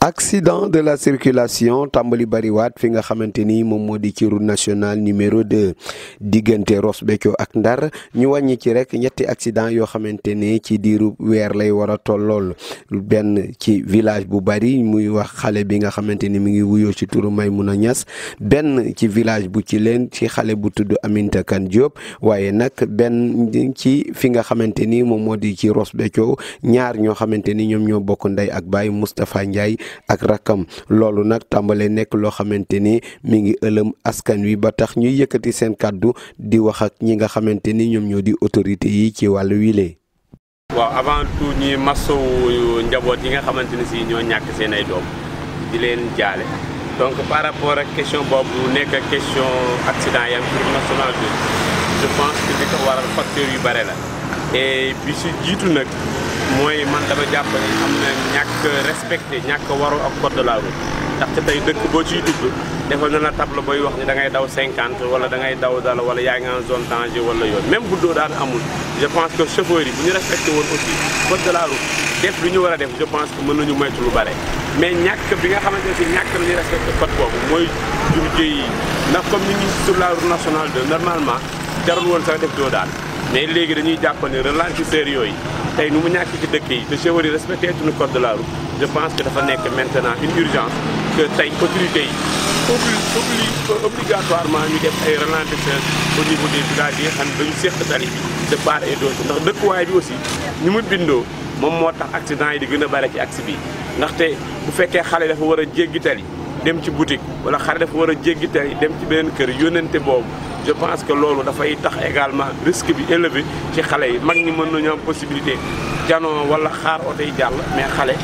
accident de la circulation tàmbali bariwaat fi nga xamante ni moom moo di ci route nationale numéro 2 diggante Ross ak Ndar ñu wàññi ci rek ñetti accident yoo xamante ne ci diiru weer lay war a tollool benn ci village bu bari muy wax xale bi nga xamante ni mi ngi wuyoo ci turu Maymuna Ñas benn ci village bu ci leen ci xale bu tudd Aminta Kan Diop waaye nag benn ci fi nga xamante ni moom moo di ci Ross ñaar ñoo xamante ni ñoom ñoo bokk ndey ak baay Moustapha Ndiaye ak rakam loolu nag tàmbale nekk loo xamante ni mi ngi ëlëm askan wi ba tax ñuy yëkkati seen kàddu di wax ak ñi nga xamante ni ñoom ñoo di autorité yi ci wàllu wile. waaw avant tout ñuy masawu njaboot yi nga xamante ni si ñoo ñàkk seen ay doom di leen jaale donc par rapport ak question boobu nekk question accident yi am national je pense que li waral facteur yu bare la et puis si jiitu nag. mooy man dama jàpp ne am na ñàkk respecté ñàkk waru ak code de la route ndax te tey dëkk boo ciy dugg defal na la booy wax ni da ngay daw 50 wala da ngay daw dala wala yaa ngi en zone danger wala yoon même bu doo daan amul je pense que chauffeurs yi bu ñu respecté woon aussi code de la route def lu ñu war a def je pense que mën nañu moytu lu bare mais ñàkk bi nga xamante ne si ñàkk la ñuy respecté code boobu mooy jur jëy ndax comme ni ñu sur la route nationale 2 normalement jarul woon sax def doo daan mais léegi dañuy jàpp ne ralentisseurs yooyu tey nu mu ñàkk ci dëkk yi te chauffeur yi respecté tuñu code de la je pense que dafa nekk maintenant une urgence que tey autorité yi obli obligatoirement ñu def ay ralentisseurs au niveau des villages yi xam ne dañu séq tali bi de part ndax dëkkuwaay bi aussi ñu mu bindoo moom moo tax accident yi di gën a bare ci axe bi ndaxte bu fekkee xale dafa war a jéggi dem ci boutique wala xar dafa wara a tay dem ci benen kër yonenté boobu je pense que lolu da fay tax également risque bi élevé ci xalé yi mag ñi mën nañu am possibilité janoo wala xar oto yi jàll mais xalé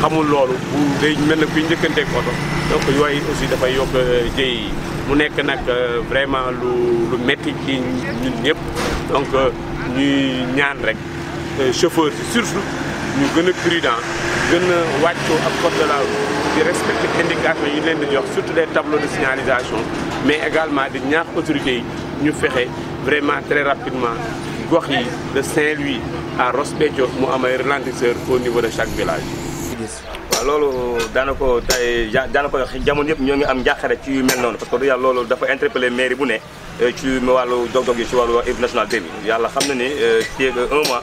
xamul lolu bu day mel ko kuy njëkkanteeg auto donc yooyu aussi da fay yok djey euh, mu nek nak euh, vraiment lu lu métti ci ñun ñëpp donc euh, ñuy ñaan rek chauffeur surtout ñu gën a prudent gën a wàccoo ak code de la route di respecter indication yi leen di jox surtout les tableaux de signalisation mais également di ñaax autorités yi ñu fexe vraiment très rapidement gox yi de Saint-Louis à Ross Béthio mu am ay ralentisseur au niveau de chaque village. waaw loolu daana ko tey daana ko jamono yëpp ñoo ngi am njàqare ci yu mel noonu parce que du yàlla loolu dafa interpellé mairie bu ne euh, ci wàllu dog-dog yi ci wàllu hymne national bi yàlla xam na ni euh, fii un mois.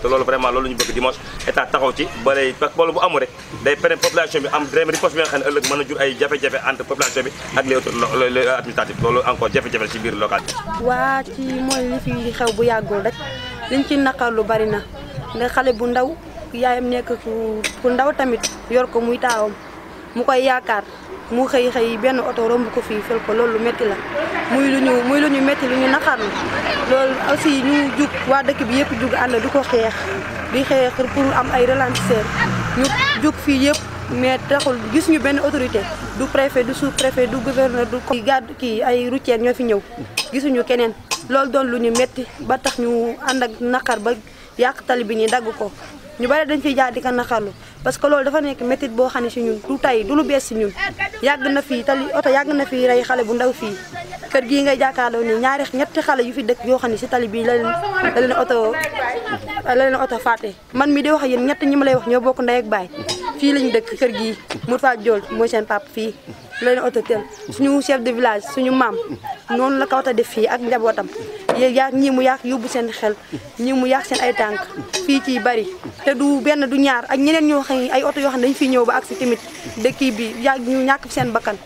te loolu vraiment loolu ñu bëgg dimanche état taxaw ci ba lay parce bu amu rek day pren population bi am vraiment riposte bi nga xam ne mën a jur ay jafe-jafe entre population bi ak les autorités administratives loolu encore jafe-jafe ci biir local bi waa ci mooy li fi xew bu yàggul rek liñ ci naqar lu bari na ndax xale bu ndaw yaayam nekk ku ndaw tamit yor ko muy taawam mu koy yaakaar mu xëy xëy benn oto romb ko fii fël ko loolu lu métti la muy lu ñu muy lu ñu métti lu ñu naqarlu loolu aussi ñu jug waa dëkk bi yëpp jug ànd du ko xeex di xeex pour am ay ralentisseur ñu jug fii yëpp mais taxul gis ñu benn autorité du préfet du sous préfet du gouverneur du ko garde kii ay routier ñoo fi ñëw gisuñu keneen loolu doon lu ñu métti ba tax ñu ànd ak naqar ba yàq tali bi ñuy dagg ko ñu bari dañ fiy jaar di ko naqarlu parce que loolu dafa nekk métit boo xam ne si ñun du tey du lu bees si ñun yàgg na fii tali oto yàgg na fii rey xale bu ndaw fii kër gii ngay jàkkaarloo nii ñaari ñetti xale yu fi dëkk yoo xam ne si tali bii la leen la la leen oto fàtte man mi di wax yéen ñett ñi ma lay wax ñoo bokk ndey ak baay fii lañ dëkk kër gii Moustapha Diol mooy seen pap fii la leen oto tel suñu chef de village suñu maam noonu la kaw def fii ak njabootam yéen yaa ñi mu yàq yóbbu seen xel ñi mu seen ay tànk fii ci bari te du benn du ñaar ak ñeneen ñoo xam ay oto yoo xam ne dañu fiy ñëw ba agsi tamit dëkk bi ya ñu ñàkk fi seen bakkan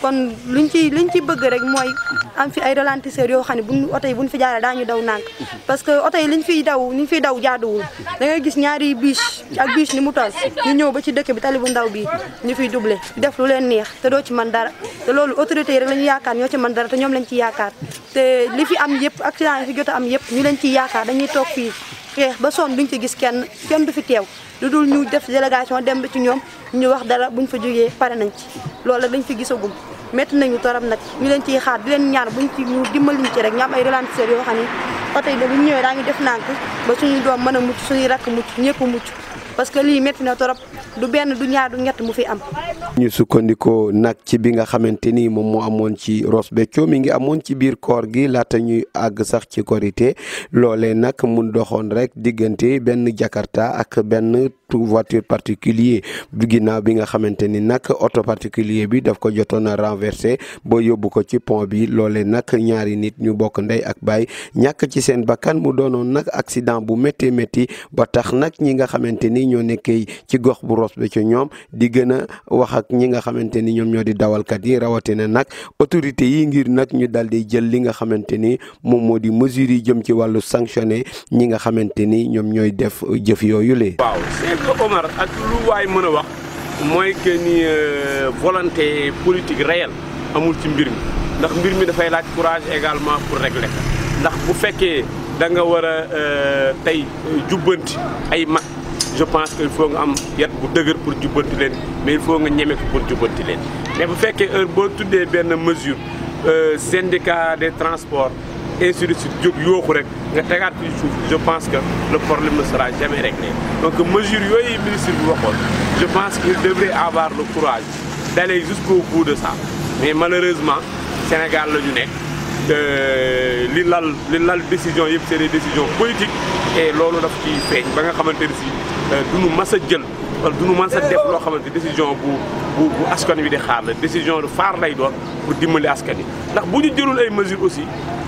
kon luñ ci liñ ci bëgg rek mooy am fi ay ralentisseur yoo xam ne buñ oto yi buñ fi jaaree daañu daw nànk parce que oto yi liñ fiy daw liñ fiy daw jaaduwul da gis ñaari biche ak biche ni mu tas ñu ñëw ba ci dëkk bi tali bu ndaw bi ñu fiy doublé def lu leen neex te doo ci man dara te loolu autorité yi rek yaakaar ñoo ci man dara te ñoom lañ ci yaakaar te li fi am yëpp accident yi fi jot am yëpp ñu leen ciy yaakaar dañuy toog fii xeex ba sonn duñ fi gis kenn kenn du fi teew lu dul ñu def délégation dem ba ci ñoom ñu wax dara buñ fa jógee pare nañ ci loolu rek lañ fi gisagum métti nañu torop nag ñu leen ciy xaar di leen ñaan buñ ci ñu dimbaliñ ci rek ñu am ay ralentisseurs yoo xam ne oto yi da buñ ñëwee daa ñu def nànk ba suñu doom mën a mucc suñuy rakk mucc ñëpp mucc parce que lii métti na torop du benn du ñaar du ñett mu fi am. ñu sukkandikoo nag ci bi nga xamante ni moom moo amoon ci Ross Béthio mi ngi amoon ci biir koor gi laata ñuy àgg sax ci korité loole nag mun doxoon rek diggante benn jakarta ak benn. surtout voiture particulier ginnaaw bi nga xamante ni nag oto particulier bi daf ko jotoon a renversé ba yóbbu ko ci pont bi loole nag ñaari nit ñu bokk ndey ak baay ñàkk ci seen bakkan mu doonoon nag accident bu métti métti ba tax nag ñi nga xamante ni ñoo nekkee ci gox bu Ross Béthio ñoom di gën a wax ak ñi nga xamante ni ñoom ñoo di dawalkat yi rawatina nag autorité yi ngir nag ñu dal di jël li nga xamante ni moom moo di mesures yi jëm ci wàllu sanctionné ñi nga xamante ni ñoom ñooy def jëf yooyu le Omar ak lu way mëna wax moy que ni euh, volonté politique réelle amul ci mbir mi ndax mbir mi fay laaj courage également pour régler ndax bu féké da nga war a euh, tey jubbanti ay mag je pense qu'il faut nga am yat bu dëgër pour jubanti leen mais il faut nga ñëmé ko pour jubanti leen mais bu féké heure bo tuddé ben mesure euh, syndicat des transports ainsi de suite rek nga tegaat fi je pense que le problème ne sera jamais réglé donc mesure yooyu ministre je pense qu'il devrait avoir le courage d'aller jusqu'au bout de ça mais malheureusement Sénégal le ñu Euh, li lal li lal décision yëpp c'est des décisions politiques et l'on daf ci feeñ ba nga xamante ne si nous euh, mas a jël wala duñu mën sa def loo xamante décision bu bu bu askan wi di xaar la décision de faire lay doon pour dimbali askan yi ndax bu ñu ay mesures aussi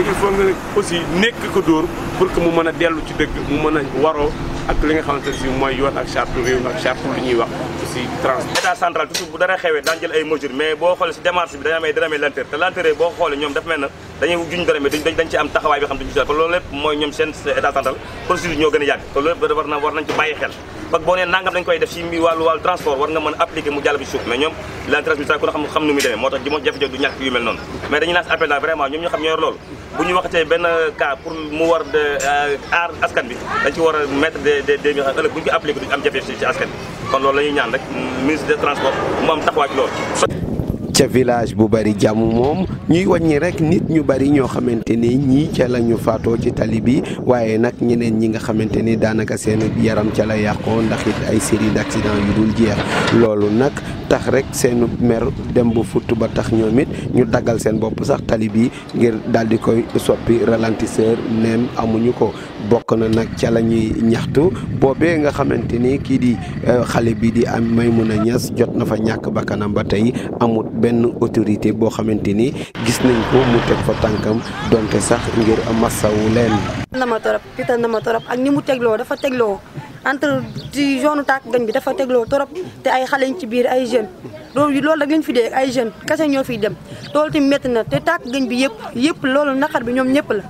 te il mooy ñoom dafa mel na dañuy juñ dramé ñoo gën a yàgg te loolu lépp war nañ ci bàyyi xel parce boo nee nangam dañ koy def si wàllu wàllu transport war nga mën a mu jàll bi suuf mais ñoom lenteur bi ku na xam xam nu muy demee moo appel daal vraiment ñoom ñoo xam ñoo loolu bu ñu waxatee benn cas pour mu war de euh, aar askan bi dañ ci war a mettre de des des mètres bu ñu ko appliqué duñu am jafe ci askan bi kon loolu la ñuy ñaan rek ministre de transports mu am taxawaay ci loolu. ci village bu bari jàmm mom ñuy wagné rek nit ñu bari ño xamanteni ni ci lañu faato ci tali bi waaye nag ñeneen ñi nga xamanteni danaka seen yaram ci la yàqoo ndax it ay série d'accident yu dul jeex lolu nak tax rek seen mer dem bu futu ba tax ñomit ñu dagal seen bop sax tali bi ngir dal di koy soppi ralentisseur neem amuñu ko bok na nak ci la ñaxtu bobé nga xamanteni ki di euh, xalé bi di am maymuna ñass jot na fa ñak bakanam ba tay amut benn autorité bo xamanteni gis nañ ko mu tek fa tankam donte sax ngir massawu leen na ma torop pital na ma torop ak ni mu teglo dafa teglo entre di zone tak gañ bi dafa teglo torop te ay xalé ci biir ay jeune loolu loolu rek lañ fi dé ay jeune kasse ño fi dem tol ti met na te tak gañ bi yépp yépp loolu nakar bi ñom ñëpp la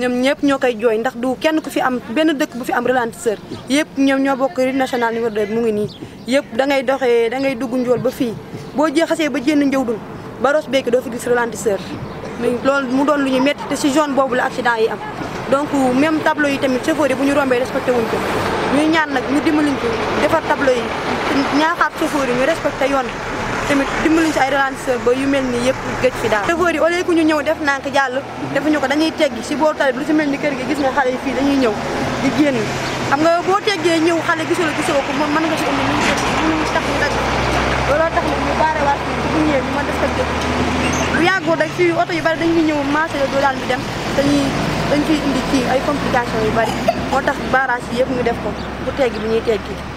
ñom ñëpp ñoo koy jooy ndax du kenn ku fi am benn dëkk bu fi am ralentisseur yépp ñom ño bokk national numéro 2 mu ngi ni yépp da ngay doxé da ngay dugg njool ba fi boo jee xasee ba jénn njëw dun ba ros beeki doo fi gis ralentisseur loolu mu doon lu ñu métti te si zone boobu la accident yi am donc même tableau yi tamit chauffeur yi bu ñu rombee respecté wuñ ko ñuy ñaan nag ñu dimbaliñ ko defar tableau yi ñaaxaat chauffeur yi ñu respecté yoon tamit dimbaliñ si ay ralentisseur ba yu mel ni yëpp gëj fi daal chauffeur yi ku ñu ñëw def nank jàll defuñu ko dañuy tegg si booru tali lu si mel ni kër gi gis nga xale yi fii dañuy ñëw di génn xam nga boo teggee ñëw xale gisoo la ko moom mën nga si indi ñu tax ñu looloo tax nag ñu baare waat fii bu ñëwee ñu def sa bu yàggul rek fii oto yu bari dañuy ñëw marché la doo daal ñu dem dañuy dañ fiy indi kii ay complications yu bari moo tax barrage yi yëpp ñu def ko bu teggi bi ñuy teggi